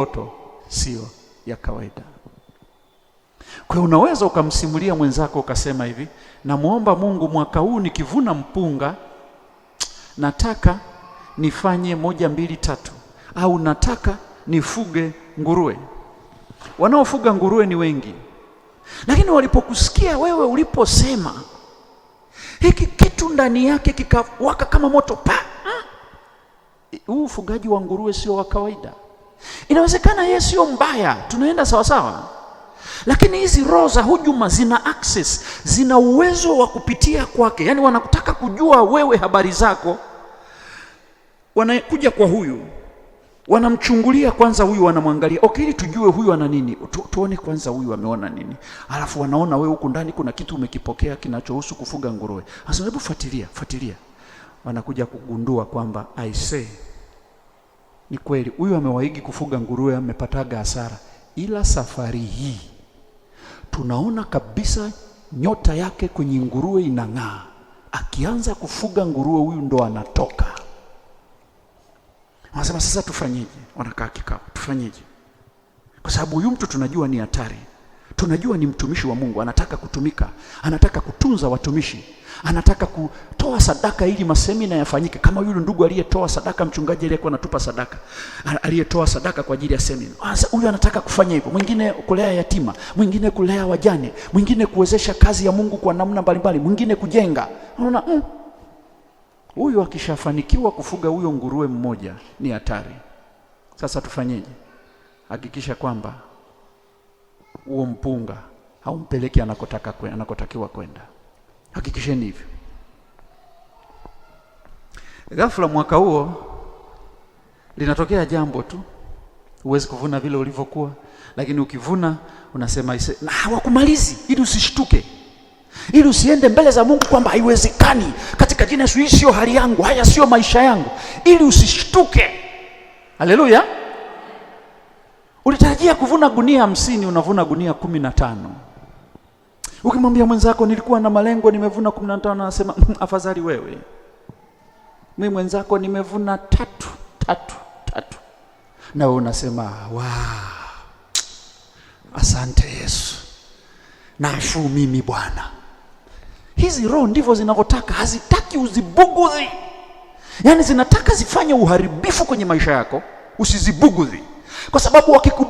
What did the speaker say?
Ndoto sio ya kawaida. Kwa hiyo unaweza ukamsimulia mwenzako ukasema hivi, namwomba Mungu mwaka huu nikivuna mpunga nataka nifanye moja mbili tatu, au nataka nifuge nguruwe. Wanaofuga nguruwe ni wengi, lakini walipokusikia wewe uliposema hiki kitu, ndani yake kikawaka kama moto pa. Ah! Huu ufugaji wa nguruwe sio wa kawaida. Inawezekana yeye sio mbaya, tunaenda sawasawa, lakini hizi roho za hujuma zina access, zina uwezo wa kupitia kwake. Yaani wanakutaka kujua wewe habari zako, wanakuja kwa huyu, wanamchungulia kwanza, huyu wanamwangalia, okay, ili tujue huyu ana nini tu, tuone kwanza huyu ameona nini, alafu wanaona wewe huku ndani kuna kitu umekipokea kinachohusu kufuga nguruwe. Sasa hebu fuatilia, fuatilia, wanakuja kugundua kwamba I say ni kweli huyu amewaigi kufuga nguruwe, amepataga hasara, ila safari hii tunaona kabisa nyota yake kwenye nguruwe inang'aa. Akianza kufuga nguruwe huyu ndo anatoka. Wanasema sasa tufanyeje? Wanakaa kikao, tufanyeje? Kwa sababu huyu mtu tunajua ni hatari tunajua ni mtumishi wa Mungu, anataka kutumika, anataka kutunza watumishi, anataka kutoa sadaka ili masemina yafanyike, kama yule ndugu aliyetoa sadaka, mchungaji aliyekuwa anatupa sadaka, aliyetoa sadaka kwa ajili ya semina. Huyu anataka kufanya hivyo, mwingine kulea yatima, mwingine kulea wajane, mwingine kuwezesha kazi ya Mungu kwa namna mbalimbali, mwingine kujenga. Unaona, mm. huyu akishafanikiwa kufuga huyo nguruwe mmoja ni hatari. Sasa tufanyeje? Hakikisha kwamba huo mpunga haumpeleki anakotaka kwe, anakotakiwa kwenda. Hakikisheni hivyo. Ghafla mwaka huo linatokea jambo tu, huwezi kuvuna vile ulivyokuwa, lakini ukivuna unasema ise, na hawakumalizi ili usishtuke, ili usiende mbele za Mungu kwamba haiwezekani, katika jina Yesu, hii sio hali yangu, haya sio maisha yangu, ili usishtuke. Haleluya. Ulitarajia kuvuna gunia hamsini, unavuna gunia kumi na tano. Ukimwambia mwenzako nilikuwa na malengo nimevuna kumi na tano, anasema mm, afadhali wewe. Mi mwenzako nimevuna tatu tatu tatu, na wewe unasema wa wow, asante Yesu, nashuu mimi Bwana. Hizi roho ndivyo zinavyotaka, hazitaki uzibugudhi, yaani zinataka zifanye uharibifu kwenye maisha yako, usizibugudhi kwa sababu wakiku